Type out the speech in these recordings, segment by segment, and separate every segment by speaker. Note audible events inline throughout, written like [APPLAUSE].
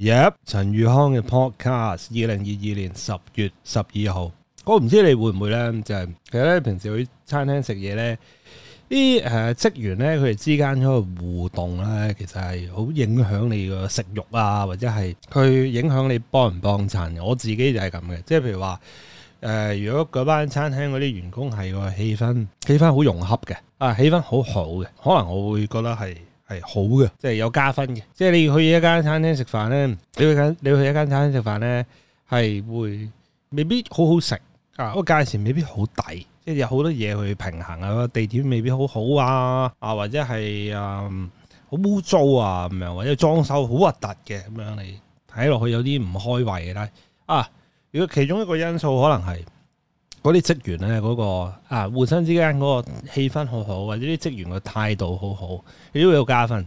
Speaker 1: Yep，陳宇康嘅 podcast，二零二二年十月十二號。我唔知你會唔會呢？就係、是、其實咧，平時去餐廳食嘢呢，啲誒、呃、職員呢，佢哋之間嗰個互動呢，其實係好影響你個食慾啊，或者係佢影響你幫唔幫襯。我自己就係咁嘅，即係譬如話誒、呃，如果嗰班餐廳嗰啲員工係個氣氛，氣氛好融洽嘅，啊氣氛好好嘅，可能我會覺得係。係好嘅，即係有加分嘅。即係你要去一間餐廳食飯呢，你去間，你去一間餐廳食飯呢，係會未必好好食啊。個價錢未必好抵，即係有好多嘢去平衡啊。地點未必好好啊，啊或者係啊好污糟啊咁樣，或者、嗯啊、或者裝修好核突嘅咁樣，你睇落去有啲唔開胃嘅啦。啊，如果其中一個因素可能係。嗰啲職員咧，嗰個啊，互相之間嗰個氣氛好好，或者啲職員嘅態度好好，亦都會有加分。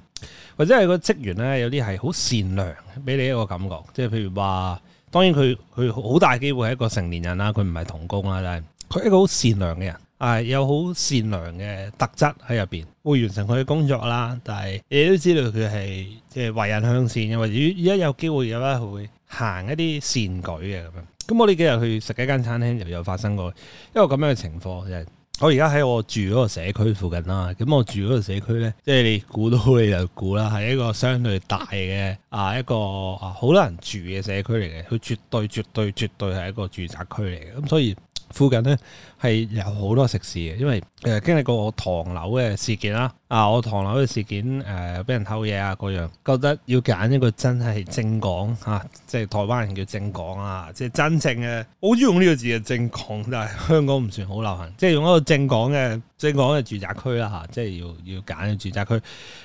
Speaker 1: 或者係個職員咧，有啲係好善良，俾你一個感覺。即係譬如話，當然佢佢好大機會係一個成年人啦，佢唔係童工啦，但係佢係一個好善良嘅人，係有好善良嘅特質喺入邊，會完成佢嘅工作啦。但係你都知道佢係即係為人向善，或者而而家有機會嘅話，佢會行一啲善舉嘅咁樣。咁我呢幾日去食一間餐廳，又有發生過，一個咁樣嘅情況，就係、我而家喺我住嗰個社區附近啦。咁我住嗰個社區呢，即係你估到你就估啦，係一個相對大嘅啊一個好、啊、多人住嘅社區嚟嘅，佢絕對絕對絕對係一個住宅區嚟嘅，咁所以。附近呢係有好多食肆嘅，因為誒、呃、經歷過我唐樓嘅事件啦，啊，我唐樓嘅事件誒俾、呃、人偷嘢啊，嗰樣覺得要揀一個真係正港吓、啊，即係台灣人叫正港啊，即係真正嘅，我好中意用呢個字嘅正港，但係香港唔算好流行，即係用一個正港嘅正港嘅住宅區啦吓，即係要要揀嘅住宅區。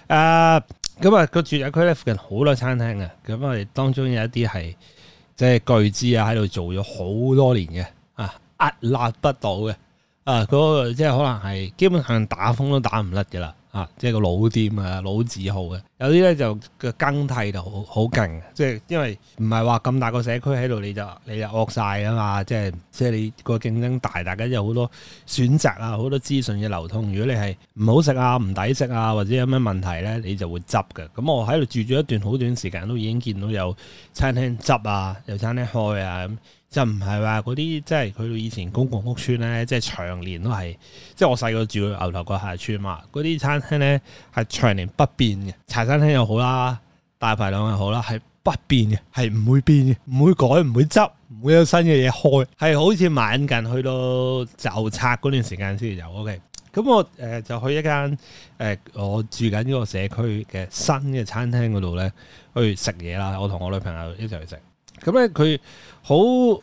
Speaker 1: 啊，咁啊個住宅區咧、啊這個、附近好多餐廳嘅，咁啊當中有一啲係即係巨資啊喺度做咗好多年嘅。屹立、呃、不倒嘅，啊，個即係可能係基本上打風都打唔甩嘅啦，啊，即係個老店啊，老字號嘅。有啲咧就個更替就好好勁，即係因為唔係話咁大個社區喺度，你就你就惡晒啊嘛，即係即係你個競爭大，大家有好多選擇啊，好多資訊嘅流通。如果你係唔好食啊，唔抵食啊，或者有咩問題咧，你就會執嘅。咁、嗯、我喺度住咗一段好短時間，都已經見到有餐廳執啊，有餐廳開啊。就唔係話嗰啲，即係佢以前公共屋邨咧，即係長年都係，即係我細個住牛頭角下村嘛。嗰啲餐廳咧係長年不變嘅，茶餐廳又好啦，大排檔又好啦，係不變嘅，係唔會變嘅，唔會改，唔會執，唔會有新嘅嘢開，係好似晚近去到就拆嗰段時間先有。OK，咁我誒就去一間誒我住緊呢個社區嘅新嘅餐廳嗰度咧去食嘢啦。我同我女朋友一齊去食。咁咧佢好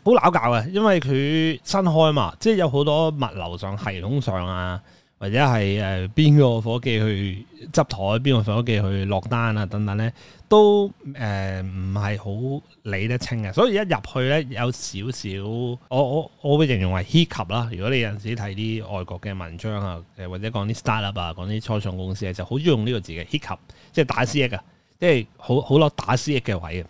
Speaker 1: 好撚教嘅，因為佢新開嘛，即係有好多物流上系統上啊，或者係誒邊個伙計去執台，邊個伙計去落單啊等等咧，都誒唔係好理得清嘅。所以一入去咧有少少，我我我會形容為 hiccup 啦。如果你有陣時睇啲外國嘅文章啊，誒或者講啲 startup 啊，講啲初創公司嘅、啊、就好中意用呢個字嘅 hiccup 即係打思噎啊，即係好好多打思噎嘅位啊。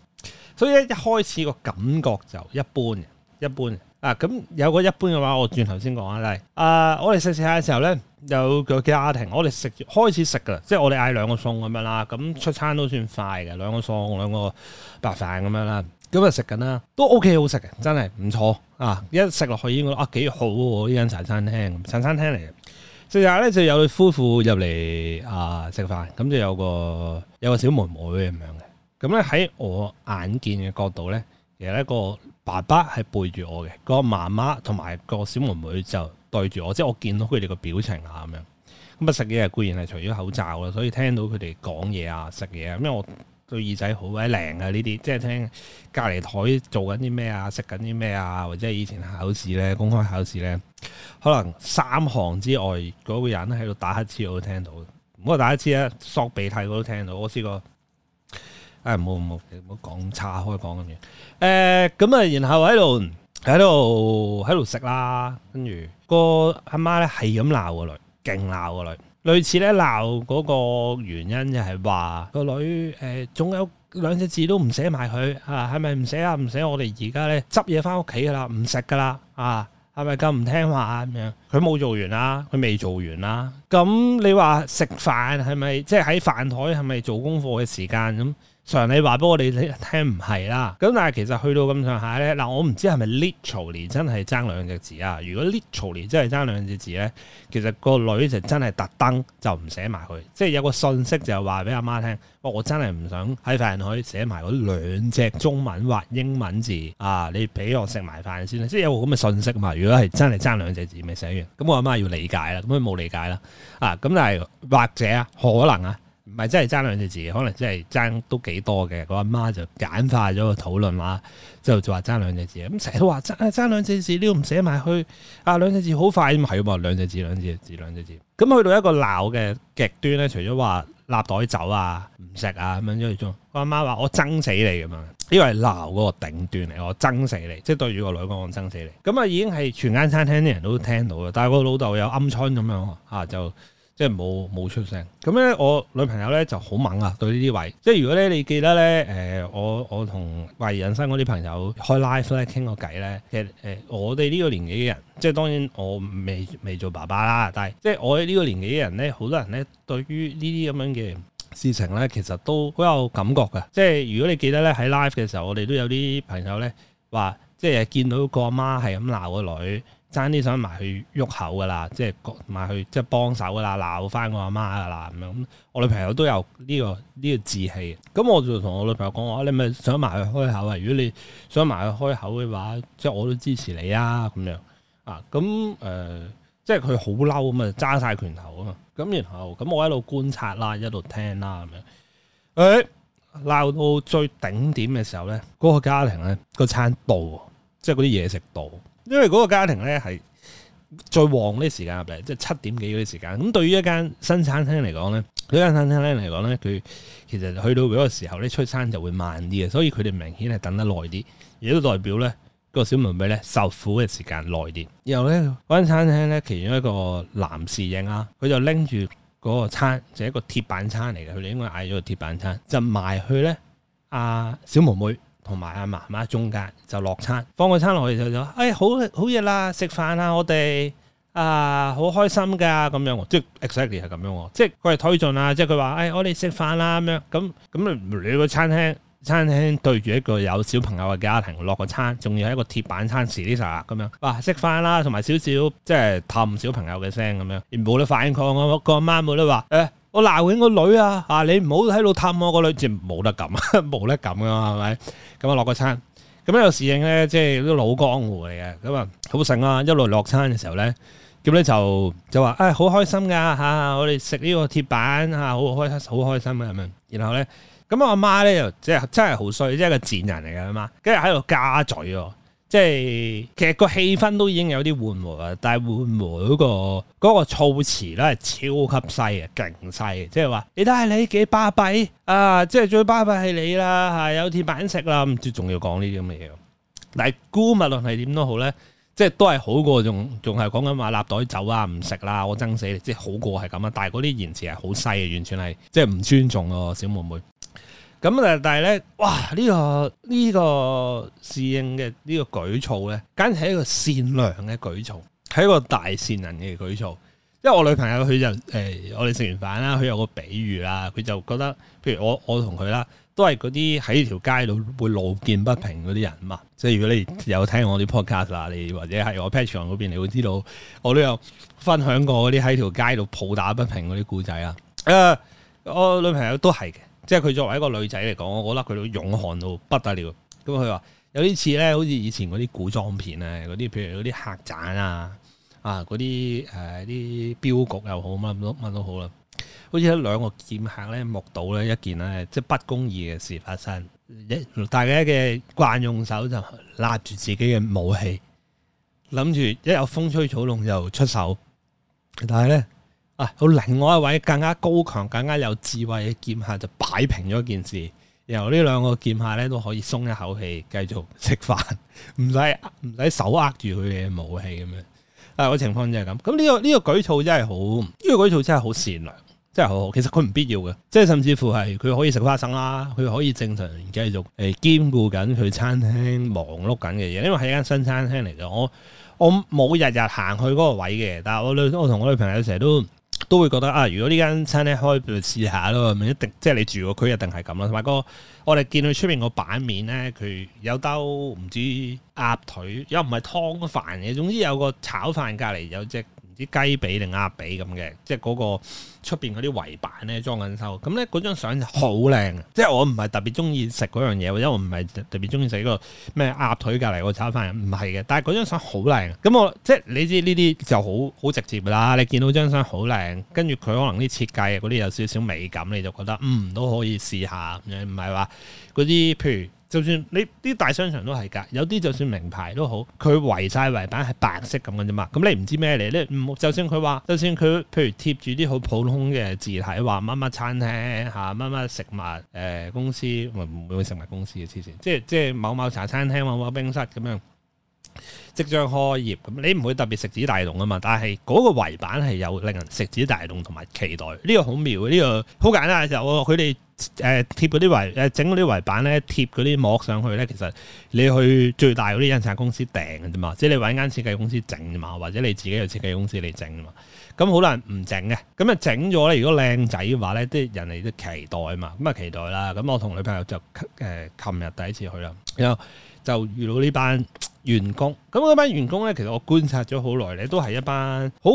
Speaker 1: 所以一開始個感覺就一般一般嘅。咁、啊、有個一般嘅話，我轉頭先講啦，就啊，我哋食食下嘅時候咧，有個家庭，我哋食開始食噶，即係我哋嗌兩個餸咁樣啦，咁、啊、出餐都算快嘅，兩個餸兩個白飯咁樣啦，咁啊食緊啦，都 OK 好食嘅，真係唔錯啊！一食落去已經覺得啊幾好喎、啊，呢間茶餐廳，茶餐廳嚟嘅。食下咧就有對夫婦入嚟啊食飯，咁就有個有個小妹妹咁樣嘅。咁咧喺我眼見嘅角度咧，其實一個爸爸係背住我嘅，個媽媽同埋個小妹妹就對住我，即係我見到佢哋個表情啊咁樣。咁、嗯、啊食嘢固然係除咗口罩啦，所以聽到佢哋講嘢啊、食嘢，因為我對耳仔好鬼靈嘅呢啲，即係聽隔離台做緊啲咩啊、食緊啲咩啊，或者以前考試咧、公開考試咧，可能三行之外嗰、嗰個人喺度打乞嗤我都聽到，唔好打乞嗤啦，索鼻涕我都聽到，我試過。誒，冇冇冇講岔開講嘅嘢。誒，咁啊，然後喺度喺度喺度食啦，跟住個阿媽咧係咁鬧個女，勁鬧個女。類似咧鬧嗰個原因就係話個女誒，總有兩隻字都唔寫埋佢啊，係咪唔寫啊？唔寫，我哋而家咧執嘢翻屋企噶啦，唔食噶啦啊，係咪咁唔聽話咁樣？佢冇做完啦，佢未做完啦。咁你話食飯係咪即係喺飯枱係咪做功課嘅時間咁？常你話俾我哋聽唔係啦，咁但係其實去到咁上下咧，嗱我唔知係咪 literally 真係爭兩隻字啊？如果 literally 真係爭兩隻字咧，其實個女就真係特登就唔寫埋佢，即係有個信息就話俾阿媽聽，我我真係唔想喺飯枱寫埋嗰兩隻中文或英文字啊！你俾我食埋飯先啦，即係有咁嘅信息嘛？如果係真係爭兩隻字未寫完，咁我阿媽要理解啦，咁佢冇理解啦啊！咁但係或者啊，可能啊。唔係真係爭兩隻字，可能真係爭都幾多嘅。我阿媽就簡化咗個討論啦，之後就話爭兩隻字，咁成日都話爭爭兩隻字，你唔寫埋去啊！兩隻字好快咁係啊嘛，兩隻字兩隻字兩隻字，咁去到一個鬧嘅極端咧，除咗話立袋走啊，唔食啊咁樣，因為我阿媽話我憎死你咁啊，因為鬧嗰個頂端嚟，我憎死你，即係對住個女講我憎死你，咁啊已經係全間餐廳啲人都聽到嘅。但係我老豆有鵪鶉咁樣啊，就。即係冇冇出聲，咁咧我女朋友咧就好猛啊！對呢啲位，即係如果咧你記得咧，誒我我同懷疑人生嗰啲朋友開 live 咧傾個偈咧，其實誒誒，我哋呢個年紀嘅人，即係當然我未未做爸爸啦，但係即係我呢個年紀嘅人咧，好多人咧對於呢啲咁樣嘅事情咧，其實都好有感覺㗎。即係如果你記得咧喺 live 嘅時候，我哋都有啲朋友咧話，即係見到個阿媽係咁鬧個女。爭啲想埋去喐口噶啦，即係埋去即係幫手噶啦，鬧翻我阿媽噶啦咁樣。我女朋友都有呢、呢個呢、呢個志氣，咁我就同我女朋友講話：你咪想埋去開口啊！如果你想埋去開口嘅話，即係我都支持你啊！咁樣啊，咁誒、呃，即係佢好嬲咁啊，揸晒拳頭啊嘛。咁然後咁我一路觀察啦，一路聽啦咁樣。誒、欸、鬧到最頂點嘅時候咧，嗰、嗰個家庭咧、個餐度，即係嗰啲嘢食度。因為嗰個家庭咧係最旺啲時間入嚟，即係七點幾嗰啲時間。咁、嗯、對於一間新餐廳嚟講咧，嗰間餐廳咧嚟講咧，佢其實去到嗰個時候咧，出餐就會慢啲嘅。所以佢哋明顯係等得耐啲，亦都代表咧、嗰個小妹妹咧受苦嘅時間耐啲。然後咧嗰間餐廳咧其中一個男侍應啊，佢就拎住嗰個餐，就係、一個鐵板餐嚟嘅，佢哋應該嗌咗個鐵板餐，就埋去咧阿、啊、小妹妹。同埋阿媽媽中間就落餐，放個餐落去就就，哎好好嘢啦，食飯啦我哋啊好開心噶咁樣，即係 exactly 係咁樣，即係佢係推進啊，即係佢話，哎我哋食飯啦咁樣，咁咁你個餐廳餐廳對住一個有小朋友嘅家庭落個餐，仲要係一個鐵板餐 tender 咁樣，哇食飯啦，同埋少少即係氹小朋友嘅聲咁樣，而冇得反抗啊，個阿媽冇得話，哎。我鬧緊、啊、 [LAUGHS] 個女啊、嗯，哎！啊，你唔好喺度氹我個女，就冇得咁啊，冇得咁噶嘛，係咪？咁啊落個餐，咁呢個侍應咧，即係都老江湖嚟嘅，咁啊好醒啊！一路落餐嘅時候咧，咁咧就就話，誒好開心噶吓，我哋食呢個鐵板吓，好開好開心嘅咁樣。然後咧，咁我阿媽咧又即係真係好衰，即係個賤人嚟噶阿媽，跟住喺度加嘴、啊。即係其實個氣氛都已經有啲緩和啦，但係緩和嗰、嗰個嗰個措辭咧係超級細啊，勁細！即係話你睇下你幾巴閉啊，即係最巴閉係你啦，嚇有鐵板食啦，咁仲要講呢啲咁嘅嘢。但係估無論係點都好咧，即係都係好過仲仲係講緊話立袋走啦、啊，唔食啦，我憎死你，即係好過係咁啊，但係嗰啲言辭係好細啊，完全係即係唔尊重個、啊、小妹妹。咁啊！但係咧，哇！呢、這個呢、這個侍應嘅呢、這個舉措咧，簡直係一個善良嘅舉措，係一個大善人嘅舉措。因為我女朋友佢就誒、呃，我哋食完飯啦，佢有個比喻啦，佢就覺得，譬如我我同佢啦，都係嗰啲喺條街度會路見不平嗰啲人嘛。即係如果你有聽我啲 podcast 啦，你或者係我 Patreon 嗰邊，你會知道我都有分享過嗰啲喺條街度抱打不平嗰啲故仔啊。誒、呃，我女朋友都係嘅。即係佢作為一個女仔嚟講，我覺得佢都勇悍到不得了。咁佢話有啲似咧，好似以前嗰啲古裝片啊，嗰啲譬如嗰啲客棧啊，啊嗰啲誒啲標局又好，乜乜都好啦。好似一兩個劍客咧，目睹咧一件咧，即係不公義嘅事發生。大家嘅慣用手就拉住自己嘅武器，諗住一有風吹草動就出手，但係咧。啊！有另外一位更加高強、更加有智慧嘅劍客就擺平咗件事，然後呢兩個劍客咧都可以鬆一口氣，繼續食飯，唔使唔使手握住佢嘅武器咁樣。啊，個情況就係咁，咁呢個呢個舉措真係好，呢個舉措真係好善良，真係好。其實佢唔必要嘅，即係甚至乎係佢可以食花生啦，佢可以正常繼續誒兼顧緊佢餐廳忙碌緊嘅嘢，因為係一間新餐廳嚟嘅。我我冇日日行去嗰個位嘅，但係我女我同我女朋友成日都。都會覺得啊，如果間呢間餐廳可以試下咯，咪一定，即係你住個區一定係咁咯。同埋個我哋見佢出面個版面咧，佢有兜，唔知鴨腿，又唔係湯飯嘅，總之有個炒飯隔籬有隻。啲雞髀定鴨髀咁嘅，即係嗰個出邊嗰啲圍板咧裝緊修，咁咧嗰張相好靚，即係我唔係特別中意食嗰樣嘢，或者我唔係特別中意食嗰個咩鴨腿隔籬嗰炒飯，唔係嘅，但係嗰張相好靚，咁我即係你知呢啲就好好直接㗎啦，你見到張相好靚，跟住佢可能啲設計嗰啲有少少美感，你就覺得嗯，都可以試下，唔係話嗰啲譬如。就算你啲大商場都係㗎，有啲就算名牌都好，佢圍晒圍板係白色咁嘅啫嘛。咁你唔知咩嚟咧？你就算佢話，就算佢譬如貼住啲好普通嘅字體，話乜乜餐廳吓，乜乜食物誒、呃、公司，唔係唔會食物公司嘅黐線，即係即係某某茶餐廳、某某冰室咁樣。即將開業，咁你唔會特別食指大動啊嘛？但係嗰個圍板係有令人食指大動同埋期待，呢個好妙，呢個好簡單就我佢哋誒貼嗰啲圍誒整嗰啲圍板咧貼啲膜上去咧，其實你去最大嗰啲印刷公司訂嘅啫嘛，即係揾間設計公司整嘛，或者你自己有設計公司嚟整嘛，咁好難唔整嘅。咁啊整咗咧，如果靚仔嘅話咧，即係人哋都期待啊嘛，咁啊期待啦。咁我同女朋友就誒琴日第一次去啦，然後就遇到呢班。員工咁嗰班員工咧，其實我觀察咗好耐咧，都係一班好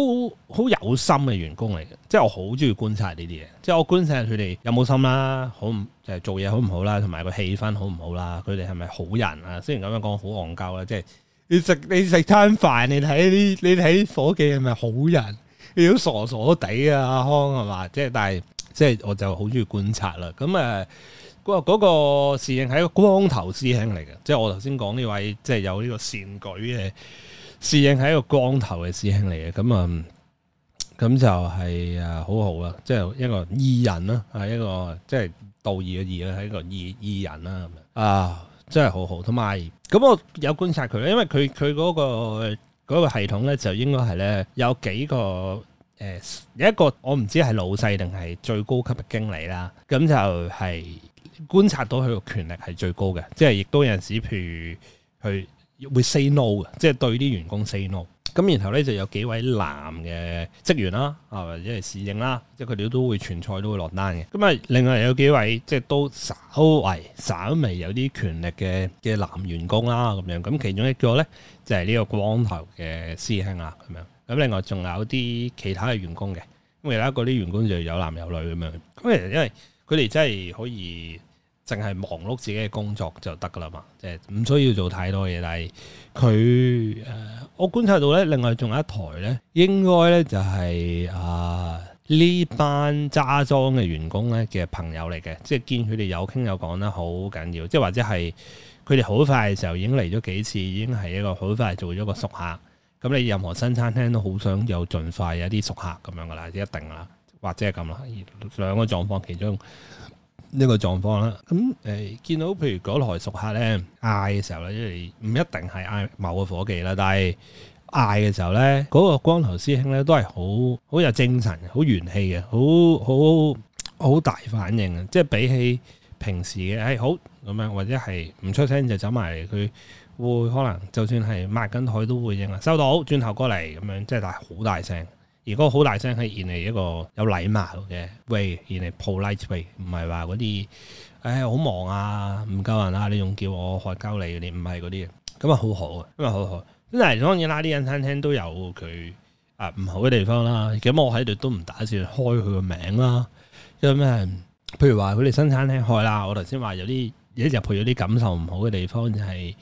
Speaker 1: 好有心嘅員工嚟嘅。即係我好中意觀察呢啲嘢，即係我觀察下佢哋有冇心啦，好唔即係做嘢好唔好啦，同埋個氣氛好唔好啦，佢哋係咪好人啊？雖然咁樣講好戇鳩啦，即係你食你食餐飯，你睇啲你睇夥計係咪好人？你都傻傻地啊，阿康係嘛？即係但係即係我就好中意觀察啦。咁誒。呃嗰、哦嗰個侍應係一個光頭師兄嚟嘅，即係我頭先講呢位，即係有呢個善舉嘅侍應係一個光頭嘅師兄嚟嘅，咁、嗯就係、啊，咁就係啊好好啦，即係一個義人啦，係一個即係道義嘅義啦，係一個義義人啦，啊真係好好。同埋咁我有觀察佢咧，因為佢佢嗰個系統咧就應該係咧有幾個誒，有、呃、一個我唔知係老細定係最高級嘅經理啦，咁就係、係。觀察到佢個權力係最高嘅，即係亦都有陣時，譬如佢會 say no 嘅，即係對啲員工 say no。咁然後咧就有幾位男嘅職員啦，啊或者係侍應啦，即係佢哋都會傳菜都會落單嘅。咁啊，另外有幾位即係都稍微稍微有啲權力嘅嘅男員工啦，咁樣。咁其中一個咧就係呢個光頭嘅師兄啦，咁樣。咁另外仲有啲其他嘅員工嘅，咁而家嗰啲員工就有男有女咁樣。咁其實因為佢哋真係可以。淨係忙碌自己嘅工作就得噶啦嘛，即係唔需要做太多嘢。但係佢誒，我觀察到咧，另外仲有一台咧，應該咧就係啊呢班揸裝嘅員工咧嘅朋友嚟嘅，即係見佢哋有傾有講咧，好緊要。即係或者係佢哋好快嘅時候已經嚟咗幾次，已經係一個好快做咗個熟客。咁你任何新餐廳都好想有盡快有啲熟客咁樣噶啦，即一定啦，或者係咁啦，兩個狀況其中。呢個狀況啦，咁誒見到譬如嗰台熟客咧嗌嘅時候咧，即係唔一定係嗌某個伙計啦，但係嗌嘅時候咧，嗰個光頭師兄咧都係好好有精神、好元氣嘅，好好好大反應嘅，即係比起平時嘅誒好咁樣，或者係唔出聲就走埋嚟，佢會可能就算係抹緊台都會應啊，收到，轉頭過嚟咁樣，即係大好大聲。如果好大聲，係原嚟一個有禮貌嘅，喂，原嚟 polite way，唔係話嗰啲，唉，好忙啊，唔夠人啊，呢種叫我害鳩你，唔係嗰啲嘅，咁啊，好好嘅，咁啊，好好。咁當然啦，呢間餐廳都有佢啊唔好嘅地方啦，咁我喺度都唔打算開佢個名啦，因為咩，譬如話佢哋新餐廳開啦，我頭先話有啲，有啲入去有啲感受唔好嘅地方就係，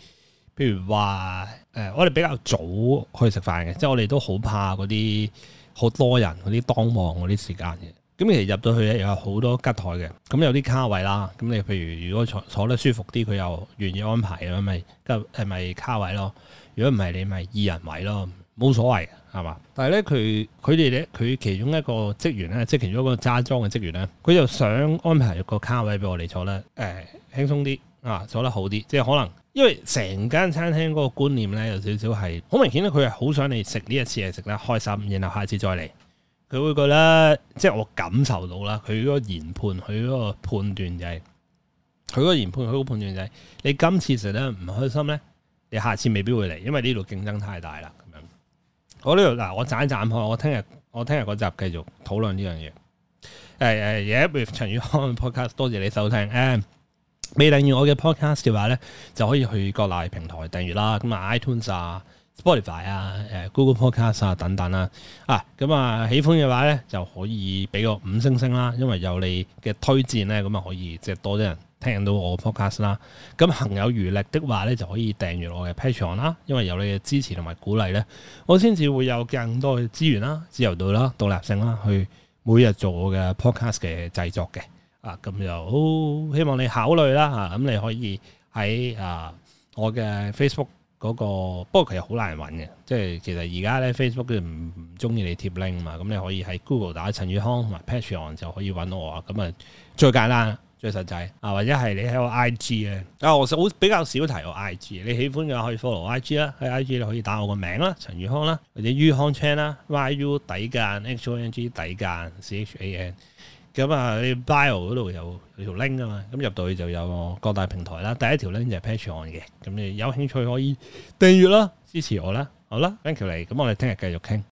Speaker 1: 譬如話，誒，我哋比較早去食飯嘅，即係我哋都好怕嗰啲。好多人嗰啲當忙嗰啲時間嘅，咁其實入到去咧有好多吉台嘅，咁有啲卡位啦，咁你譬如如果坐坐得舒服啲，佢又願意安排咁咪吉，係咪卡位咯？如果唔係你咪二人位咯，冇所謂係嘛？但係咧佢佢哋咧，佢其中一個職員咧，即係其中一個揸莊嘅職員咧，佢又想安排一個卡位俾我哋坐咧，誒輕鬆啲。啊，做得好啲，即係可能，因為成間餐廳嗰個觀念咧，有少少係好明顯咧，佢係好想你食呢一次嘢食得開心，然後下次再嚟，佢會覺得，即係我感受到啦，佢嗰個研判，佢嗰個判斷就係，佢嗰個研判，佢個判斷就係，你今次食得唔開心咧，你下次未必會嚟，因為呢度競爭太大啦，咁樣。我呢度嗱，我斬一斬開，我聽日我聽日嗰集繼續討論呢樣嘢。誒誒陳宇康 podcast，多謝你收聽，嗯未訂閱我嘅 podcast 嘅話咧，就可以去各大平台訂閱啦。咁啊，iTunes 啊、Spotify 啊、誒 Google Podcast 啊等等啦、啊。啊，咁啊，喜歡嘅話咧，就可以俾個五星星啦。因為有你嘅推薦咧，咁啊，可以即係、就是、多啲人聽到我 podcast 啦。咁行有餘力的話咧，就可以訂閱我嘅 Patreon 啦。因為有你嘅支持同埋鼓勵咧，我先至會有更多嘅資源啦、自由度啦、獨立性啦，去每日做我嘅 podcast 嘅製作嘅。咁又好，希望你考慮啦嚇，咁、啊、你可以喺啊我嘅 Facebook 嗰、那個，不過其實好難揾嘅，即係其實而家咧 Facebook 佢唔唔中意你貼 link 嘛，咁、啊啊、你可以喺 Google 打陳宇康同埋 Patreon 就可以揾到我啊，咁啊最簡單最實際啊，或者係你喺我 IG 咧、啊，啊我比較少提我 IG，你喜歡嘅話可以 follow IG 啦，喺 IG 你可以打我個名啦，陳宇康啦，或者 Y 康 Chan 啦，Y U 底間 H O N G 底間 C H A N。咁啊，你 bio 嗰度有條 link 啊嘛，咁入到去就有各大平台啦。第一條 link 就係 Patreon 嘅，咁你有興趣可以訂閲咯，支持我啦。好啦，thank you 你！咁我哋聽日繼續傾。